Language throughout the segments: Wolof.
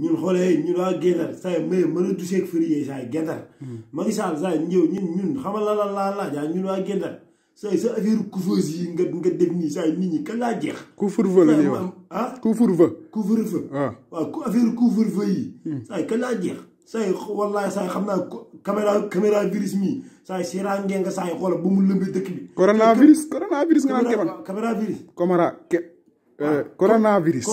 ñun xoolee ñun waa Guet-Ndar saa yu a du seeg fërié saa yu Guet-Ndar hmm. Macky ñun ñun xamal la laa laaj ñun waa Guet-Ndar saa yu sa affaire couvreuse yi nga nga def nii saa yu nit ñi yi saa yu jeex saa yu wallaay xam naa caméra caméra virus mii saa yu seeraan ngeen ba mu lëmbee dëkk bi coronavirus coronavirus nga naan kebal caméra virus ke Euh, coronavirus.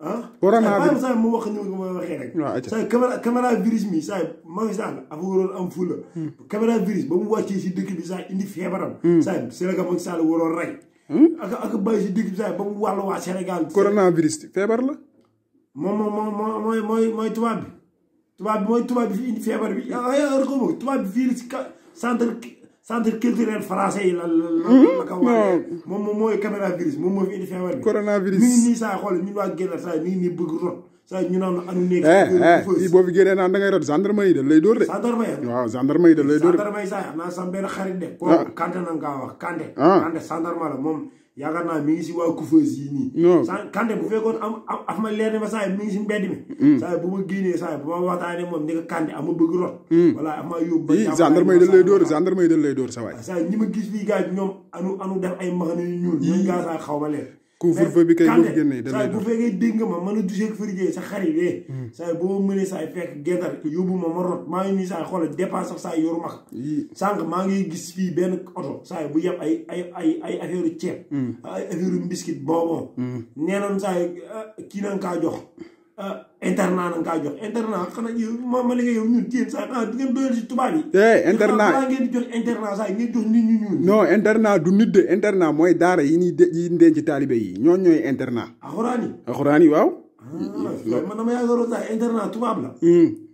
ah coronavirus ah mu wax ni ma waxee rek. waaw ayca caméra caméra virus mi saa yi Macky Sall a waroon am fula. Hmm. caméra virus ba mu wàccee si dëkk bi saa indi feebaram. Hmm. saa yi Sénégal Macky Sall waroon rey. Hmm? ak ak bàyyi si dëkk bi saa yi ba mu wàllu waa Sénégal. coronavirus feebar la. moom moom moom mooy mooy mooy tubaab bi. tubaab bi mooy tubaab bi fi indi feebar bi ay ay ko moom tubaab bi fii la si centre centre culturel français yi la la la la ko. feebar bi moom moom mooy coronavirus moom moo fi indi feebar bi. coronavirus mi ngi nii saa xool ñun waa Guet Ndar saa mi ngi nii bëgg rot saa ñu naan anu nekk. Eh, eh, fii boo fi génnee naan da ngay rot gendarmerie da lay dóor de. gendarmerie waaw gendarmerie da lay dóor de. gendarmerie saa am naa sama benn xarit de. Ah. kooku Kanté na nga wax Kanté. Ah. Kanté gendarme la moom. yaakaar naa mi ngi si waa couveuse yi nii. non saa Kanté bu fekkoon am af ma leer ne ma saa yi mi ngi si mbedd mi. Mm. saa yi bu ma génnee saa yi bu ma waxtaanee moom ni ko Kanté ama bëgg rot. voilà mm. af ma yóbbu. ba gendarmerie dañ lay dóor gendarmerie dañ lay dóor sa waay. saa yi ñi ma gis fii gars ñoom anu anu def ay ay mbaxana yu ñuul. ñooñu ma bi kay boo génnee damay bu fekkee dégg nga ma mën a sa xarit yee eh. hmm. saay boo mënee saay ma ma maa ngi nii saay xoolal dépense sax saay yoru max sànq maa ngi gis fii benn oto saay bu yeb ay ay ay ay affaire u ceeb hmm. ay affaire u mbiskit bonbon hmm. nee saay ah, kii nan kaa jox Euh, internat na nga kaa jox internat xanaa ma ma liggéey yow ñun jéem sax ah ngeen doyal si tubaab yi. eh internat xanaa ngeen di jox internat sax ngeen jox nit ñu ñuul. non internat du nit de internat mooy daara yi ñuy de yi denc taalibe yi ñooñu ñooy internat. axuraan yi axuraan yi waaw. Ah, man ma yaakaaroon sax internat tubaab la. Hmm.